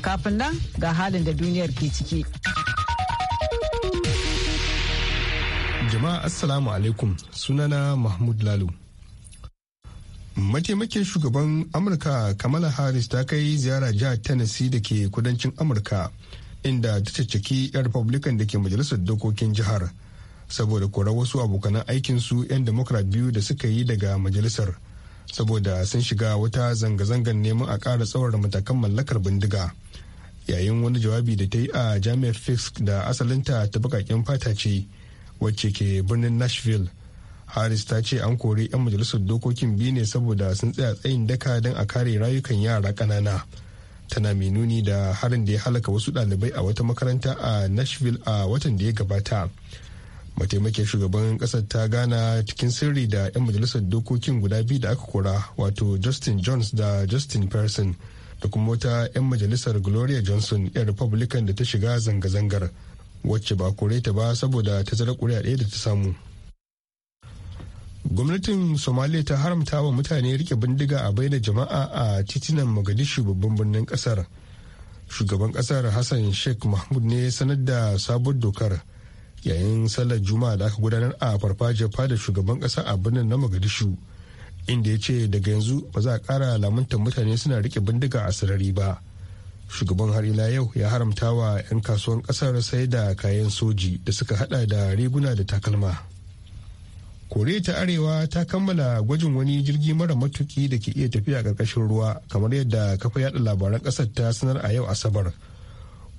Kafin nan ga halin da duniyar ke ciki. Jama'a Assalamu alaikum sunana Mahmud Lalu. Mataimakin shugaban Amurka Kamala Harris ta kai ziyara jihar Tennessee da ke kudancin Amurka inda ta caccaki 'yan Republican da ke majalisar dokokin jihar saboda kora wasu abokanan aikinsu 'yan Democrat biyu da suka yi daga majalisar saboda sun shiga wata zanga-zangar neman a ƙara tsawar matakan mallakar bindiga. yayin wani jawabi da ta yi a jami'ar fisk da asalinta ta bakakin fata ce wacce ke birnin nashville harris ta ce an kori 'yan majalisar dokokin biyu ne saboda sun tsaya tsayin daka don a kare rayukan yara ƙanana tana mai nuni da harin da ya halaka wasu ɗalibai a wata makaranta a nashville a watan da ya gabata mataimakin shugaban ƙasar ta gana cikin sirri da 'yan majalisar dokokin guda biyu da aka kora wato justin jones da justin person da kuma wata 'yan majalisar gloria johnson 'yan republican da ta shiga zanga-zangar wacce ba kore ta ba saboda ta zara kuri'a ɗaya da ta samu gwamnatin somalia ta haramta wa mutane rike bindiga a da jama'a a titunan magadishu babban birnin kasar shugaban kasar hassan sheikh mahmud ne sanar da sabon dokar yayin sallar juma'a da aka gudanar a farfajiyar fada shugaban kasa a birnin na magadishu. inda ya ce daga yanzu ba za a kara lamuntar mutane suna rike bindiga a sarari ba shugaban har ila yau ya haramta wa 'yan kasuwan kasar sai da kayan soji da suka hada da riguna da takalma koriya ta arewa ta kammala gwajin wani jirgi mara matuki da ke iya tafiya ƙarƙashin ruwa kamar yadda kafa yada labaran ƙasar ta sanar a yau asabar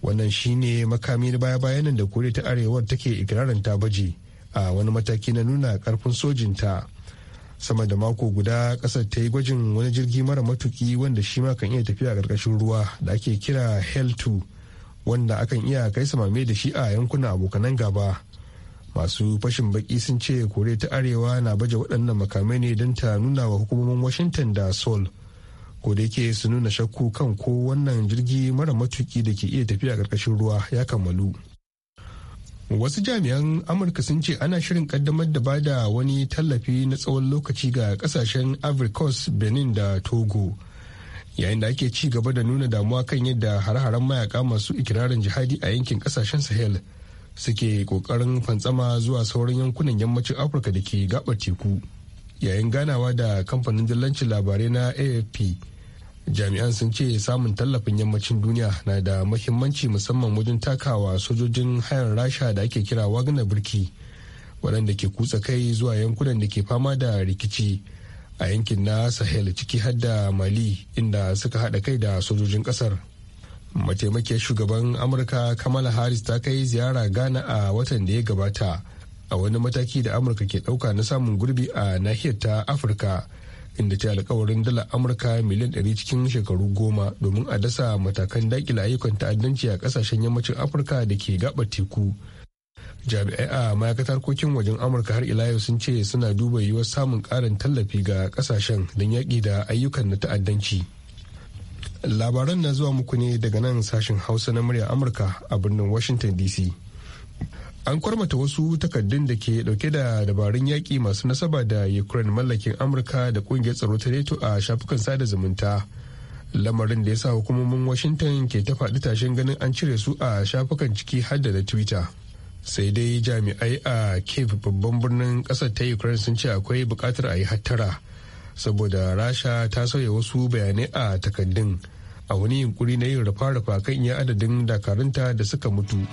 wannan shine makami na baya-bayanan da koriya ta arewa take ikirarin ta baje a wani mataki na nuna karfin sojinta ta sama da mako guda kasar ta yi gwajin wani jirgi mara matuki wanda shi ma kan iya tafiya a ƙarƙashin ruwa da ake kira hel 2 wanda akan iya kai samame da shi a yankunan abokanan gaba masu fashin baki sun ce kore ta arewa na baje waɗannan makamai ne don ta nuna wa hukumomin washington da seoul ko da yake su nuna shakku kan ko wannan jirgi mara matuki da ke iya tafiya ƙarƙashin ruwa ya kammalu wasu jami'an amurka sun ce ana shirin kaddamar da bada wani tallafi na tsawon lokaci ga kasashen coast benin da togo yayin da ake ci gaba da nuna damuwa kan yadda har-haren mayaka masu ikirarin jihadi a yankin kasashen sahel suke kokarin fantsama zuwa sauran yankunan yammacin afirka da ke gabar teku yayin ganawa da kamfanin dillancin labarai na afp jami'an sun ce samun tallafin yammacin duniya na da mahimmanci musamman wajen takawa sojojin hayar rasha da ake kira wagner birki waɗanda ke kutsa kai zuwa yankunan da ke fama da rikici a yankin na sahel ciki hadda mali inda suka haɗa kai da sojojin ƙasar mataimakiyar shugaban amurka kamala harris ta kai ziyara ghana a watan da ya gabata a wani mataki da amurka ke ɗauka na samun gurbi a nahiyar ta afirka inda ta alkawarin dala amurka miliyan 100 cikin shekaru goma domin a dasa matakan dakila ayyukan ta'addanci a kasashen yammacin afirka da ke gaɓar teku jami'ai a ma'aikatar harkokin wajen amurka har ila yau sun ce suna duba yiwuwar samun ƙarin tallafi ga ƙasashen don yaƙi da ayyukan na ta'addanci labaran na zuwa muku ne daga nan sashen hausa na murya amurka a birnin washington dc an kwarmata wasu takaddun da ke dauke da dabarun yaƙi masu nasaba da ukraine mallakin amurka da ƙungiyar tsaro ta reto a shafukan sada zumunta lamarin da ya sa hukumomin washington ke ta faɗi tashin ganin an cire su a shafukan ciki har da twitter sai dai jami'ai a kef babban birnin ƙasar ta ukraine sun ce akwai buƙatar a yi hattara saboda rasha ta sauya wasu bayanai a takaddun a wani yunkuri na yin rafa-rafa kan iya adadin dakarunta da suka mutu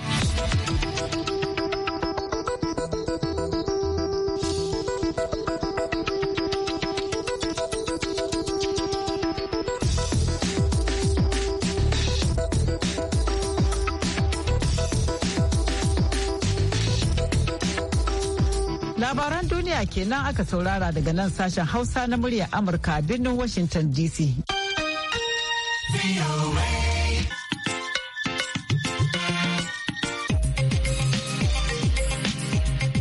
kenan aka saurara daga nan sashen Hausa na muryar Amurka a birnin Washington DC.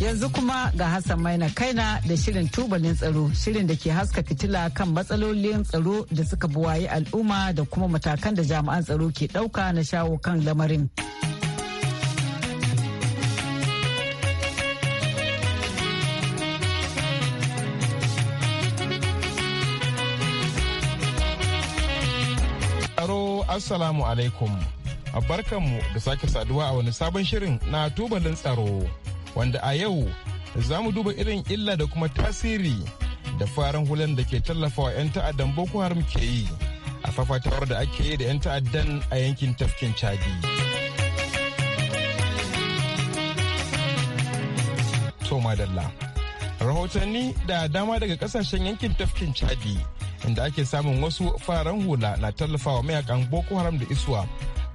Yanzu kuma ga Hassan Maina Kaina da shirin tubalin tsaro, shirin da ke haska fitila kan matsalolin tsaro da suka buwayi al'umma da kuma matakan da jami'an tsaro ke ɗauka na shawo kan lamarin. Assalamu alaikum. Barkanmu da sake saduwa a wani sabon shirin na tubalin tsaro wanda a yau za mu duba irin illa da kuma tasiri da farin hulan da ke tallafawa 'yan ta'addan Boko Haram ke yi a fafatawar da ake yi da 'yan ta'addan a yankin tafkin Chadi. Toma Dalla. Rahotanni da dama daga kasashen yankin tafkin Chadi. inda ake samun wasu faran hula na tallafawa mayakan boko haram da isuwa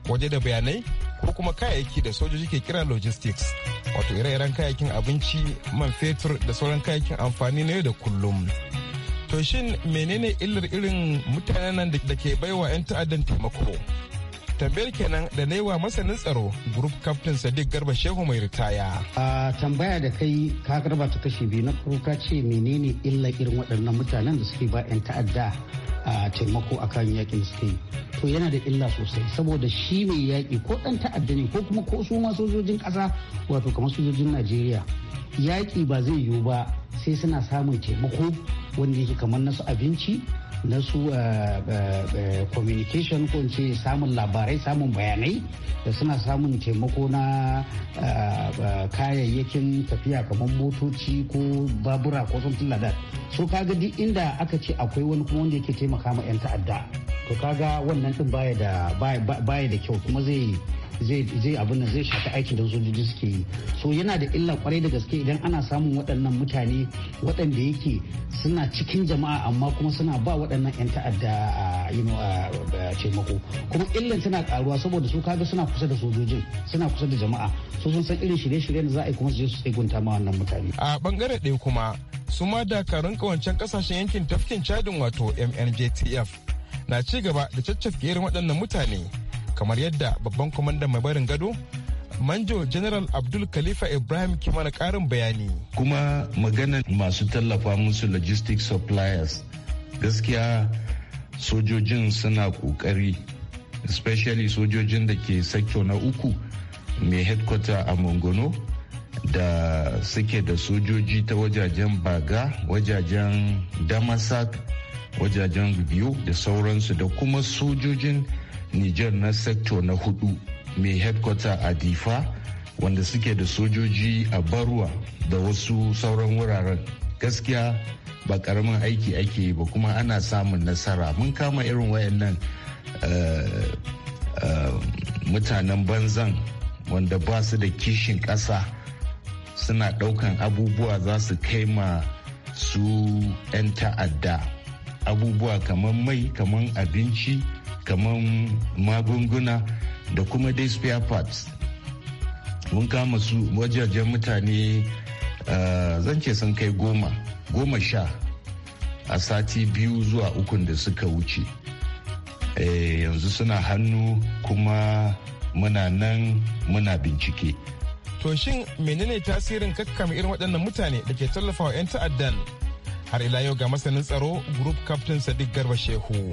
waje da bayanai ko kuma kayayyaki da sojoji ke kira logistics wato ire-iren kayayyakin abinci man fetur da sauran kayayyakin amfani na yau da kullum to shin menene illar irin mutanen nan da ke baiwa 'yan ta'addan taimako tambayar kenan da na wa masanin tsaro group captain sadiq garba shehu mai ritaya a tambaya da kai ka garba ta kashi biyu na farko ka ce menene illa irin waɗannan mutanen da suke ba 'yan ta'adda a taimako akan yakin suke to yana da illa sosai saboda shi mai yaƙi ko ɗan ta'adda ne ko kuma ko su ma sojojin ƙasa wato kamar sojojin najeriya yaƙi ba zai yiwu ba sai suna samun taimako wanda yake kamar nasu abinci na su eh, eh, eh, communication ko ce samun labarai samun bayanai da suna samun taimako na kayayyakin tafiya kamar motoci ko babura ko something like that so kaga duk inda aka ce akwai wani kuma wanda yake taimaka ma 'yan ta'adda to kaga wannan din baya da baya da kyau kuma zai zai abin nan zai shafi aikin da sojoji suke yi so yana da illa kwarai da gaske idan ana samun waɗannan mutane waɗanda yake suna cikin jama'a amma kuma suna ba waɗannan 'yan ta'adda a taimako kuma illan tana karuwa saboda su kaga suna kusa da sojojin suna kusa da jama'a so sun san irin shirye-shiryen da za a yi kuma su je su tsegunta ma wannan mutane a bangare ɗaya kuma su ma dakarun kawancen kasashen yankin tafkin chadin wato mnjtf na ci gaba da gerin waɗannan mutane kamar yadda babban kwamandan mai barin gado manjo general abdul khalifa ibrahim kimana karin bayani kuma maganar masu tallafa musu logistic suppliers gaskiya sojojin suna kokari especially sojojin da ke sakyo na uku mai headquarter a mongono da suke da sojoji ta wajajen baga wajajen damasak wajajen biyu da sauransu da kuma sojojin niger na sector na hudu mai headquarter a difa wanda suke da sojoji a barwa da wasu sauran wuraren gaskiya ba karamin aiki ake yi ba kuma ana samun nasara mun kama irin wayannan eh, eh, mutanen banzan wanda ba su da kishin ƙasa suna ɗaukan abubuwa za su kai ma su 'yan ta'adda abubuwa kamar mai kamar abinci kamar magunguna da kuma dai spare parts mun kama su wajajen mutane eh, zan ce sun kai goma goma sha a sati biyu zuwa ukun da suka wuce eh, yanzu suna hannu kuma muna nan muna bincike to shin menene tasirin kakkama irin waɗannan mutane da ke tallafawa 'yan ta'addan har ila yau ga masanin tsaro group captain sadiq garba shehu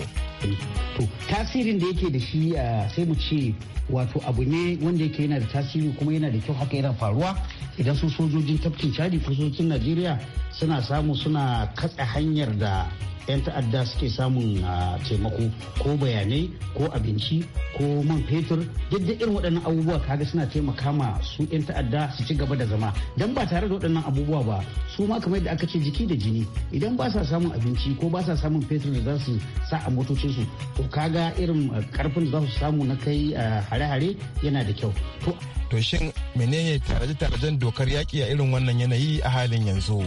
to tasirin da yake da shi sai mu ce wato abu ne wanda yake yana da tasiri kuma yana da kyau haka yana faruwa idan su sojojin tafkin chadi ko sojojin najeriya suna samu suna katse hanyar da 'yan ta'adda suke samun ah, taimako ko bayanai ko abinci ko man fetur duk irin waɗannan abubuwa kaga suna taimaka ma su 'yan ta'adda su ci gaba da zama don ba tare da waɗannan abubuwa ba su ma kamar yadda aka ce jiki da jini idan ba sa samun abinci ko ba sa samun fetur da za su sa a motocinsu to kaga irin karfin ah, da za su samu na kai ah, hare-hare yana da kyau to to shin menene taraje-tarajen dokar yaƙi a irin wannan yanayi a halin yanzu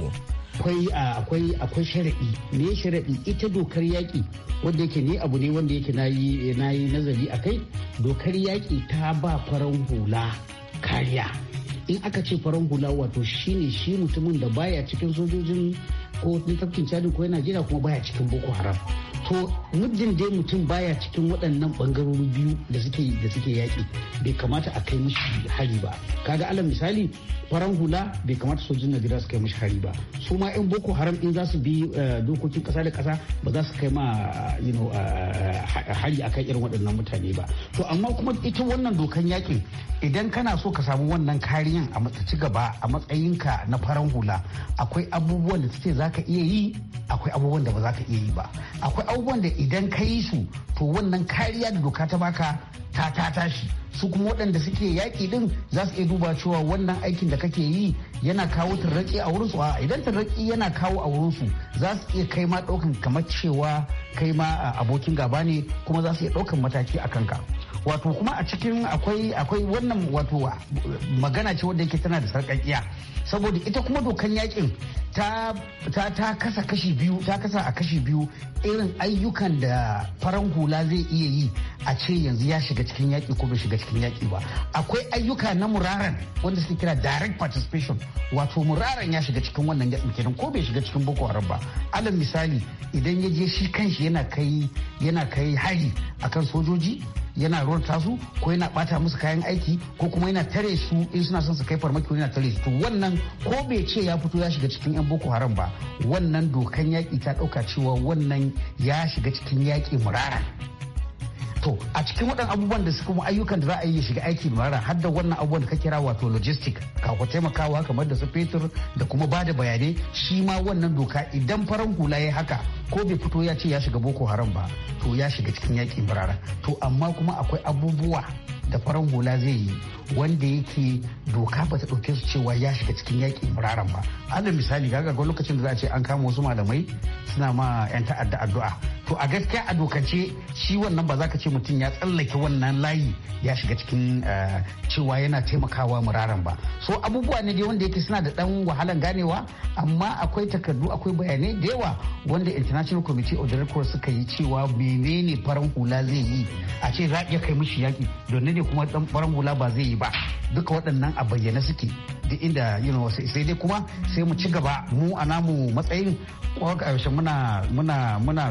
akwai akwai akwai sharaɗi me sharaɗi ita dokar yaki wanda yake ne abu ne wanda yake nayi nayi nazari akai dokar yaƙi ta ba faran hula kariya in aka ce faran hula wato shine shi mutumin da baya cikin sojojin ko tafkin cadin ko yana jira kuma baya cikin boko haram to muddin dai mutum baya cikin waɗannan ɓangarori biyu da suke da suke yaƙi bai kamata a kai mishi hari ba kaga alal misali faran hula bai kamata sojin najeriya su kai mishi hari ba su ma yan boko haram in za su bi eh, dokokin ƙasa da ƙasa ba za su kai ma you know eh, hari akan irin waɗannan mutane ba to amma kuma ita wannan dokan yaƙin idan kana so ka samu wannan kariyan a ci gaba a matsayinka na faran hula akwai abubuwan da suke za ka iya yi akwai abubuwan da ba za ka iya yi ba akwai abubuwan da idan ka yi su to wannan kariya da doka ta baka ta ta tashi su kuma waɗanda suke yaƙi din za su iya duba cewa wannan aikin da kake yi yana kawo tarraƙi a wurinsu a idan tarraƙi yana kawo a wurinsu za su iya kai ma ɗaukan kamar cewa kai ma abokin gaba ne kuma za su iya ɗaukan mataki a kanka wato kuma a cikin akwai akwai wannan wato magana ce wadda yake tana da sarƙaƙiya saboda ita kuma dokan yakin ta ta kasa kashi biyu ta kasa a kashi biyu irin ayyukan da faran hula zai iya yi a ce yanzu ya shiga cikin yaƙi ko bai shiga cikin yaƙi ba akwai ayyuka na muraran wanda suke kira direct participation wato muraran ya shiga cikin wannan yaƙin kenan ko bai shiga cikin boko haram ba alal misali idan ya je shi kanshi yana kai yana kai hari akan sojoji yana rota su ko yana bata musu kayan aiki ko kuma yana tare su in suna son su kai farmaki ko yana tare su to wannan ko bai ce ya fito ya shiga cikin yan boko haram ba wannan dokan yaki ta ɗauka cewa wannan ya shiga cikin yaƙi murara to a cikin waɗannan abubuwan da suka ayyukan da za a yi shiga aiki murara har da wannan abubuwan da ka kira wato logistic ku taimakawa kamar da su fetur da kuma bada bayanai shi ma wannan doka idan farin hula ya haka ko bai fito ya ce ya shiga boko haram ba to ya shiga cikin yakin birara to amma kuma akwai abubuwa da faran hula zai yi wanda yake doka ba ta ɗauke su cewa ya shiga cikin yakin muraran ba alal misali ga ga lokacin da za a ce an kama wasu malamai suna ma 'yan ta'adda addu'a to a gaskiya a dokance shi wannan ba za ka ce mutum ya tsallake wannan layi ya shiga cikin eh, cewa yana taimakawa muraran ba so abubuwa ne dai wanda yake suna da ɗan wahalan ganewa amma akwai takardu akwai bayanai da yawa wanda national committee of the red suka yi cewa menene faran hula zai yi a ce za iya kai mishi yaki don ne kuma dan faran hula ba zai yi ba duka waɗannan a bayyane suke duk inda yin wasu sai dai kuma sai mu ci gaba mu a namu matsayin ƙarshen muna muna muna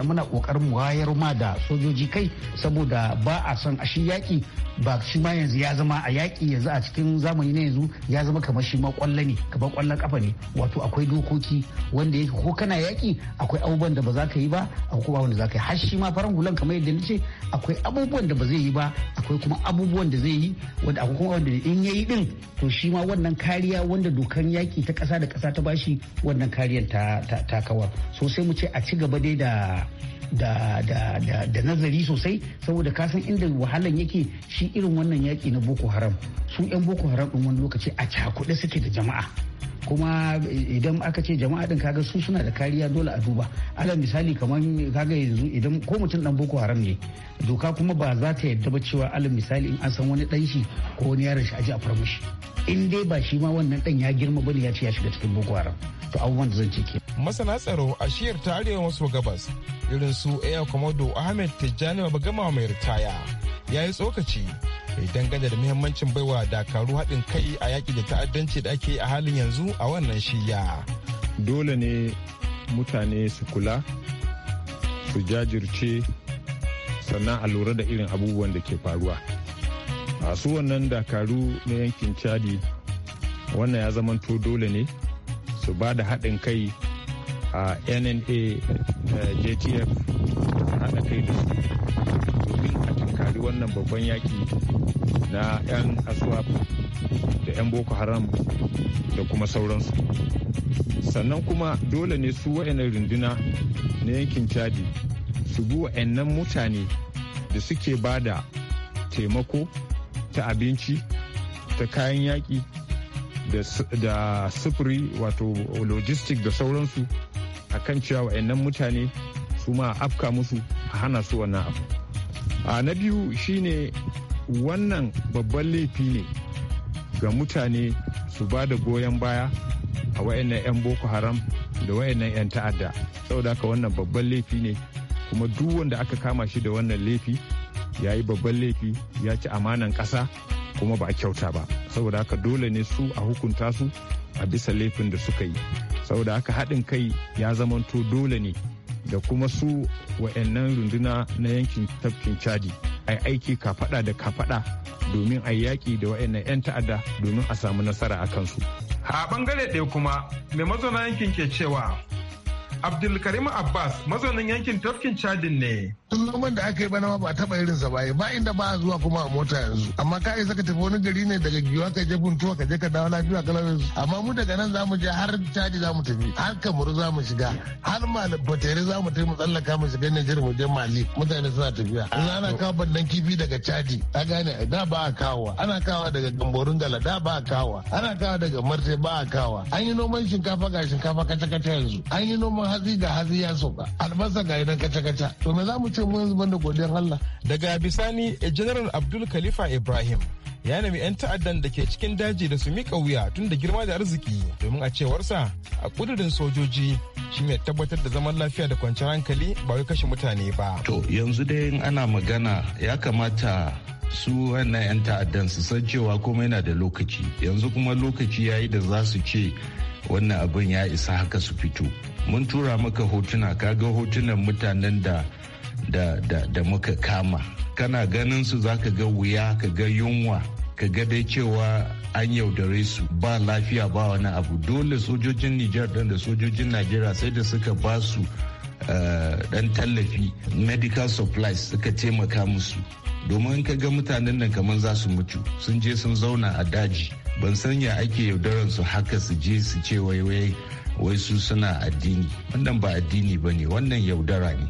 muna kokarin wayar ma da sojoji kai saboda ba a son a shi yaƙi ba shi ma yanzu ya zama a yaƙi yanzu a cikin zamani na yanzu ya zama kamar shi ma kwallo ne kamar kwallon kafa ne wato akwai dokoki wanda yake ko kana yaƙi akwai abubuwan da ba za ka yi ba akwai kuma wanda za ka yi har shi ma faran hulan kamar yadda nace akwai abubuwan da ba zai yi ba akwai kuma abubuwan da zai yi wanda akwai kuma wanda in yayi din to shi ma wannan kariya wanda dokan yaki ta kasa da kasa ta bashi wannan kariyar ta ta kawar so sai mu ce a ci gaba dai da da, da, da, da nazari sosai saboda kasan inda wahalan yake shi irin wannan yaki na boko haram su 'yan boko haram ɗin wani lokaci a cakuɗe suke da jama'a kuma idan aka ce jama'a din kaga su suna da kariya dole a duba alal misali kamar kaga yanzu idan ko mutum dan boko haram ne doka kuma ba za ta yadda ba cewa alal misali in an san wani dan shi ko wani yaron shi aje a fara mishi in dai ba shi ma wannan dan ya girma bane ya ce ya shiga cikin boko haram to abubuwan da zan ce ke masana tsaro a shiyar ta arewa maso gabas irin su Air Komodo Ahmed Tijjani Babagama mai ritaya ya yi tsokaci dangane da muhimmancin baiwa dakaru haɗin kai a yaƙi da ta'addanci da ake a halin yanzu a wannan shiya. Dole ne mutane su kula, su jajirce, sannan a lura da irin abubuwan da ke faruwa. Masu wannan dakaru na yankin Chadi, wannan ya zamanto dole ne su ba da haɗin kai a NNA eh, JTF haɗa kai da su. tunkari wannan babban yaki na 'yan aswap da 'yan boko haram da kuma sauransu sannan kuma dole ne su wa'yanar runduna na yankin chadi su bi wa'yannan mutane da suke ba da taimako ta abinci ta kayan yaki da sufuri wato logistic da sauransu a kan cewa wa'annan mutane su ma afka musu a hana su wannan abu na biyu shine wannan babban laifi ne ga mutane su ba da goyon baya a wayannan 'yan boko haram da wayannan 'yan ta'adda saboda haka wannan babban laifi ne kuma duk wanda aka kama shi da wannan laifi ya yi babban laifi ya ci amanan ƙasa kuma ba a kyauta ba saboda haka dole ne su a hukunta su a bisa laifin da suka yi saboda haka haɗin kai ya zamanto dole ne da kuma su wa'annan runduna na yankin tafkin chadi a aiki kafada da kafada domin a yaƙi da wa'annan 'yan ta'adda domin a samu nasara a kansu a bangare ɗaya kuma mai mazauna yankin ke cewa Abdulkarim Abbas mazaunin yankin tafkin Chadin ne. Tun noman da aka yi bana ba taɓa irin sa baya ba inda ba zuwa kuma a mota yanzu. Amma ka yi saka tafi wani gari ne daga giwa ka je buntu ka je ka dawo lafiya ka lafiya. Amma mu daga nan zamu je har Chadi zamu tafi har Kamaru zamu shiga har malam Malabatere zamu tafi mu tsallaka mu shiga Nijar mu je Mali mutane suna tafiya. Yanzu ana kawo bandan kifi daga Chadi ka gane da ba a kawo ana kawo daga Gamborun Gala da ba a kawo ana kawo daga Marte ba a kawo an yi noman shinkafa ga shinkafa kata-kata yanzu an yi noman hatsi ga hatsi ya soka albasa ga idan kaca kaca to me za mu ce mun da godiyar Allah daga bisani eh, general Abdul Khalifa Ibrahim ya nemi 'yan ta'addan da ke cikin daji da su mika wuya tun da girma da arziki domin a cewarsa a kudurin sojoji shi ne tabbatar da zaman lafiya da kwanciyar hankali ba wai kashe mutane ba. To yanzu dai in ana magana ya kamata su wannan 'yan ta'addan su san cewa komai yana da lokaci yanzu kuma lokaci ya yi da za su ce wannan abin ya isa haka su fito mun tura maka hotuna ka ga hotunan mutanen da da, muka kama kana ganin su za ka ga wuya ka ga yunwa ka ga dai cewa an yaudare su ba lafiya ba wani abu dole sojojin nijar ɗin da sojojin najeriya sai da suka ba su dan eh, tallafi medical supplies suka taimaka musu domin ka ga mutanen nan kamar za su mutu sun je sun zauna a daji ban sanya ake yaudararsu haka su je su ce waiwai wai su suna addini wannan ba addini ba ne wannan yaudara ne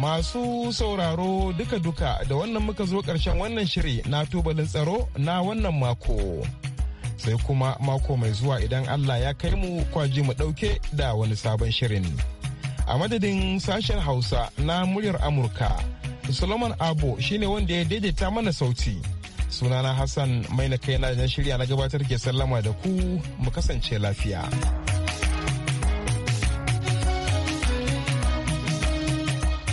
Masu sauraro duka-duka da wannan muka zo ƙarshen wannan shiri na tubalin tsaro na wannan mako. Sai kuma mako mai zuwa idan Allah ya kai mu kwaji mu ɗauke da wani sabon shirin. A madadin sashen Hausa na muryar Amurka, Solomon abu shine wanda ya daidaita mana sauti. sunana hassan mai na kai na shirya na gabatar ke sallama da ku mu kasance lafiya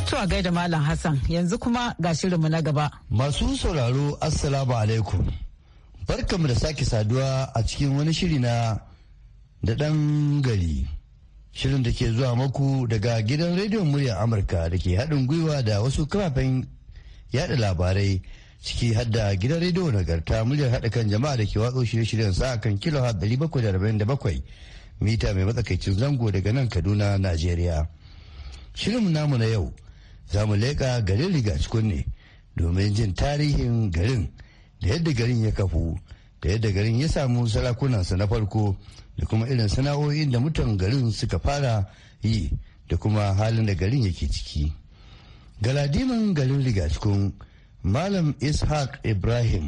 to a gaida malam hassan yanzu kuma ga shirinmu na gaba masu sauraro assalamu alaikum barkamu da sake saduwa a cikin wani shiri na da ɗan gari shirin da ke zuwa maku daga gidan rediyon muryar amurka da ke haɗin gwiwa da wasu kafafen yada labarai ciki har da gidan rediyo nagarta muryar haɗa kan jama'a da ke watsa shirye-shiryen sa kan kilo har bakwai mita mai matsakaicin zango daga nan kaduna najeriya shirin namu na yau za mu leƙa garin rigacikun ne domin jin tarihin garin da yadda garin ya kafu da yadda garin ya samu sarakunansa na farko da kuma irin sana'o'in da mutan garin suka fara yi da kuma halin da garin yake ciki galadimin garin rigacikun malam ishaq ibrahim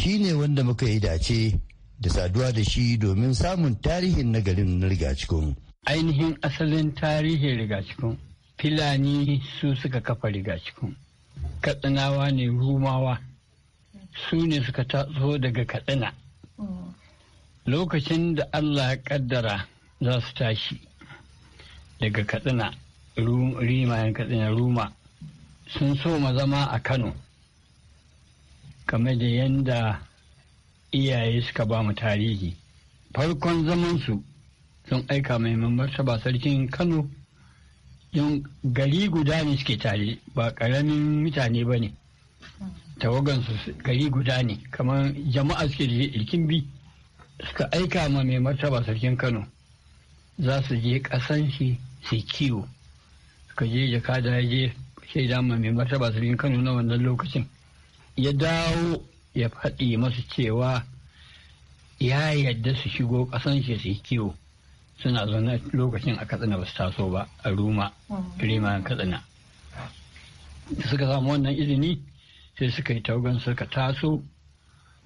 shi ne wanda muka yi dace da saduwa da shi domin samun tarihin nagarin na rigacikun ainihin asalin tarihin rigacikun filani su suka kafa rigacikun katsinawa ne rumawa su ne suka taso daga katsina lokacin da allah ya kaddara za su tashi daga katsina rimayen katsina ruma sun so ma zama a kano game da yadda iyaye suka ba mu tarihi farkon zamansu sun aika mai martaba sarkin kano don gari guda ne suke tare ba ƙaramin mutane ba ne tawagansu gari guda ne kamar jama'a suke da irkin bi suka aika ma mai martaba sarkin kano za su je ƙasan shi su kiwo suka je jaka da ya je shaida ma mai martaba sarkin kano na wannan lokacin ya dawo ya faɗi masu cewa ya yadda su shigo ƙasan shi su yi kiwo suna zaune lokacin a katsina ba su taso ba a ruma rima katsina da suka samu wannan izini sai suka yi taugan suka taso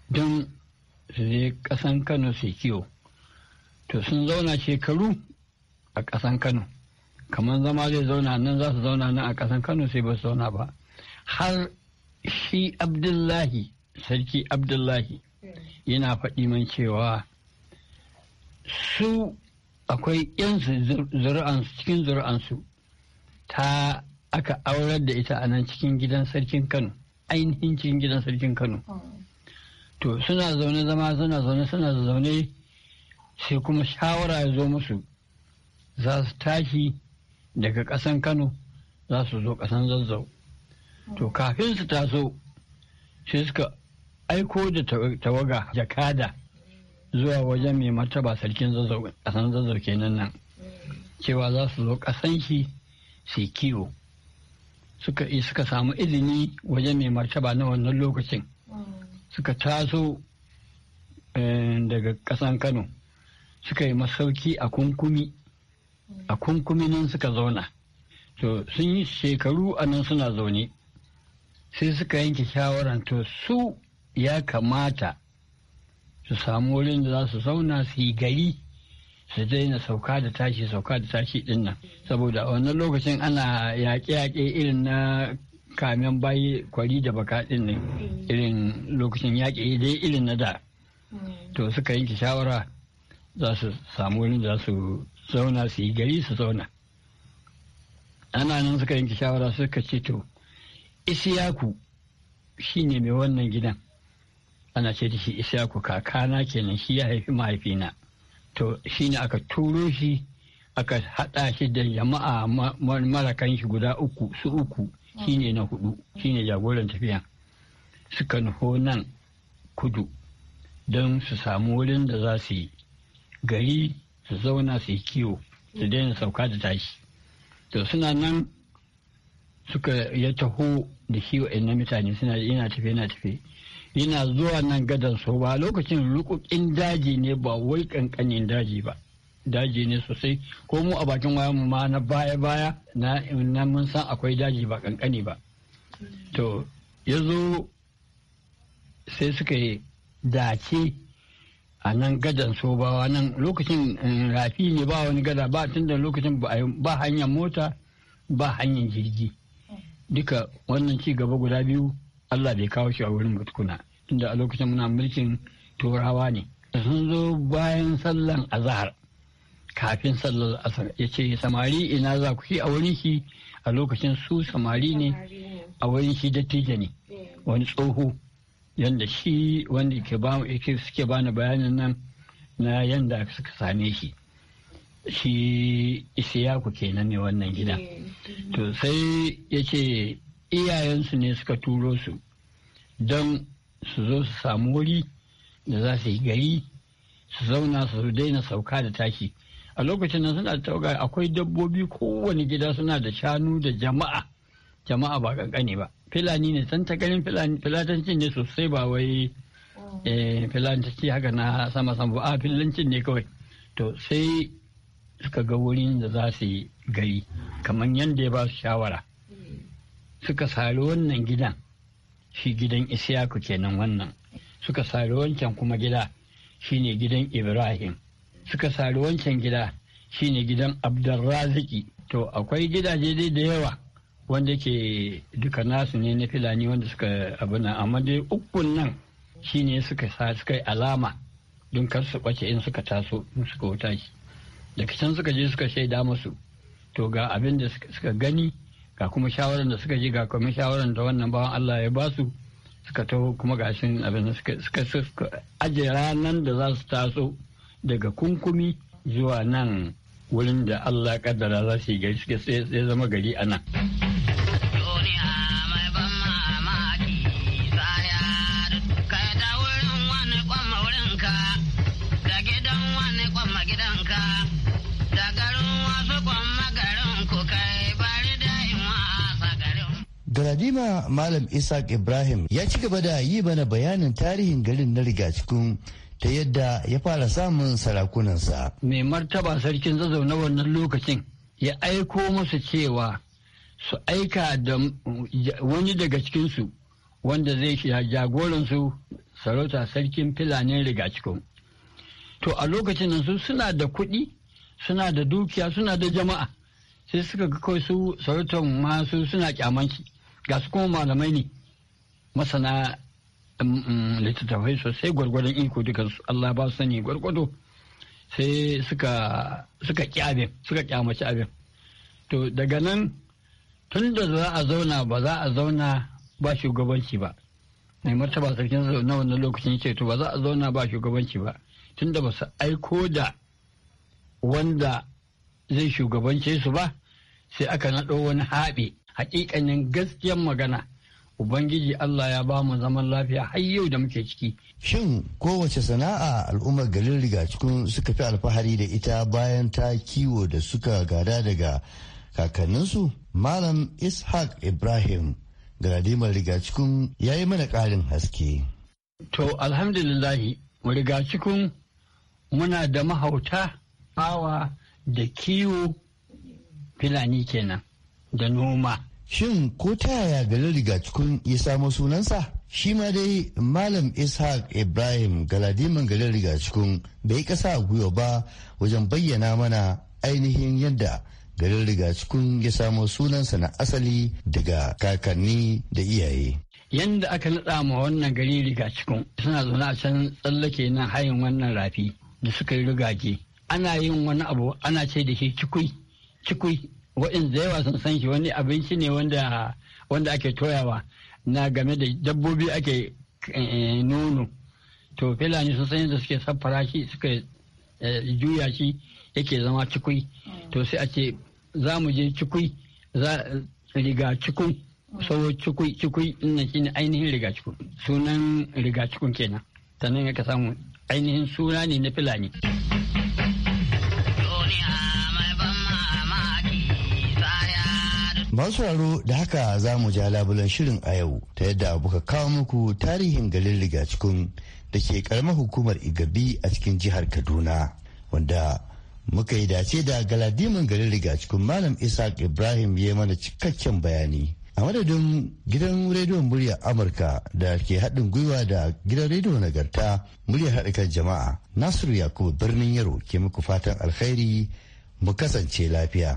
don su je ƙasan kano su kiwo to sun zauna shekaru a ƙasan kano kamar zama zai zauna nan za su zauna nan a ƙasan kano sai ba su zauna ba har shi abdullahi sarki abdullahi yana faɗi man cewa su akwai yansu zuri'ansu cikin zuri'ansu ta aka aurar da ita a nan cikin gidan sarkin kano ainihin cikin gidan sarkin kano to suna zaune zama suna zaune suna zaune sai kuma shawara ya zo musu za su tashi daga ƙasan kano za su zo ƙasan zazzau to kafin su taso sai suka aiko da tawaga jakada zuwa wajen mai martaba sarkin zazzau ƙasan zazzau kenan nan cewa za su zo ƙasan shi su kiwo suka eh, suka samu izini wajen mai martaba na wannan lokacin suka taso eh, daga ƙasan kano suka yi masauki a kunkumi a kunkuminin suka zauna to sun yi shekaru a nan suna zaune sai suka yanke shawaran to su ya kamata su samu wurin da za su zauna su yi gari su daina sauka da tashi sauka da tashi din nan saboda a wannan lokacin ana yaƙe-yaƙe irin na kamen bayi kwari da baka din nan irin lokacin yaƙe dai irin na da hmm. to suka yanke shawara za su samu wurin da za su zauna su yi gari su zauna ana nan suka yanke shawara suka ce to isiyaku shi ne mai wannan gidan ana ce da shi isiyaku kakana kenan shi ya haifi mahaifina to shi ne aka turo shi aka haɗa shi da jama'a marakan shi guda uku su uku shi ne na hudu shi ne jagoran tafiya suka nufo nan kudu don su samu wurin da za su yi gari su zauna su yi kiwo su daina sauka da tashi to suna nan suka ya taho da shi na mutane suna yana tafe yana tafe yana zuwa nan gadon so ba lokacin rukukin daji ne ba wai kankanin daji ba daji ne sosai ko mu a bakin wayan mu ma na baya baya na mun san akwai daji ba kankani ba to ya zo sai suka yi dace a nan gadan sobawa nan lokacin eh, rafi ne ba wani gada ba tun da lokacin ba hanyar mota ba hanyar jirgi duka wannan ci gaba guda biyu allah bai kawo shi a wurin mutukuna tunda a lokacin muna mulkin turawa ne sun zo bayan sallan azahar kafin sallar asar ya ce samari ina za ku shi a wurin shi a lokacin su samari ne a wurin shi dattijo ne eh. wani tsoho yadda shi wanda ke ba mu yake suke bani bayanin nan na yadda suka same shi shi isiyaku kenan ne wannan gida eh, mm-hmm. to sai ya ce iyayensu ne suka turo su don su zo su samu wuri da za su yi gari su zauna su daina sauka da taki a lokacin nan suna tauga akwai dabbobi kowane gida suna da shanu da jama'a jama'a ba kankani ba filani ne san ta ganin filatancin ne sosai ba wai eh, filatanci haka na sama sama a filancin ne kawai to sai suka ga wurin da za su yi gari kamar yadda ya ba su shawara suka sari wannan gidan shi gidan isiyaku kenan wannan suka sari wancan kuma gida shine gidan ibrahim suka sari wancan gida shine gidan abdulraziki to akwai gidaje dai da yawa wanda yake duka nasu ne na filani wanda suka abuna amma dai ukun nan shine suka sa suka yi alama don kar su kwace in suka taso in suka wuta shi daga can suka je suka shaida musu to ga abin da suka gani ga kuma shawaran da suka ji ga kuma shawaran da wannan bawan Allah ya ba su suka taho kuma ga shi abin da suka suka aje ranan da za su taso daga kunkumi zuwa nan wurin da Allah kaddara za su yi gari suke sai zama gari a nan. kima Malam Isaac Ibrahim ya ci gaba da yi bana bayanin tarihin garin na riga cikin ta yadda ya fara samun sarakunansa. Mai martaba sarkin zazzau na wannan lokacin ya aiko masu cewa su aika da wani daga cikinsu wanda zai jagoransu sarauta sarkin filanin riga cikin To a lokacin nan su suna da kuɗi, suna da dukiya, suna da jama'a. sai suka ga kawai su sarautar masu suna kyamanci ga su kuma malamai ne masana mm, mm, littattafai sosai gwargwadon iko duka Allah ba su sani gwargwado sai suka kyabe suka kyamaci abin to daga nan tun da za a zauna ba za a zauna ba shugabanci ba mai martaba sarkin na wannan lokacin ce to ba za a zauna ba shugabanci ba tun da ba su aiko da wanda zai shugabance su ba sai aka naɗo wani haɓe hakikanin gaskiyar magana Ubangiji Allah ya ba mu zaman lafiya har yau da muke ciki. Shin kowace sana'a al'ummar garin cikin suka fi alfahari da ita bayan ta kiwo da suka gada daga kakanninsu? Malam Ishaq Ibrahim galadimar cikin ya yi mana ƙarin haske. To alhamdulillahi riga cikin muna da mahauta, hawa da kiwo filani kenan. da noma. Shin ko ta yaya Galadi cikin ya samo sunansa? Shi ma dai Malam Ishaq Ibrahim Galadiman Galadi Gacikun bai kasa a gwiwa ba wajen bayyana mana ainihin yadda garin cikin ya samo sunansa na asali daga kakanni da iyaye. Yanda aka naɗa ma wannan gari cikin suna zaune a can tsallake na hayin wannan rafi da suka yi rigage. Ana yin wani abu ana ce da shi cikui, cikui wa'in da yawa sun san shi wani abinci ne wanda ake toyawa na game da dabbobi ake eh, nono to filani sun san yadda suke saffara shi suka eh, juya shi yake zama cikui to sai a ce za mu je cikui za riga cikun sau cikui cikui ina shi ne ainihin riga cikun sunan riga cikun kenan sannan ya ka samu ainihin suna ne na filani. Masu da haka za mu ja labulan shirin a yau ta yadda buka kawo muku tarihin garin rigacikun da ke karamar hukumar Igabi a cikin jihar Kaduna wanda muka yi dace da galadiman garin rigacikun Malam Isaac Ibrahim ya mana cikakken bayani. a madadin gidan rediyon murya amurka da ke haɗin gwiwa da gidan rediyo nagarta muryar haɗa jama'a nasiru yakubu birnin yaro ke muku fatan alkhairi mu kasance lafiya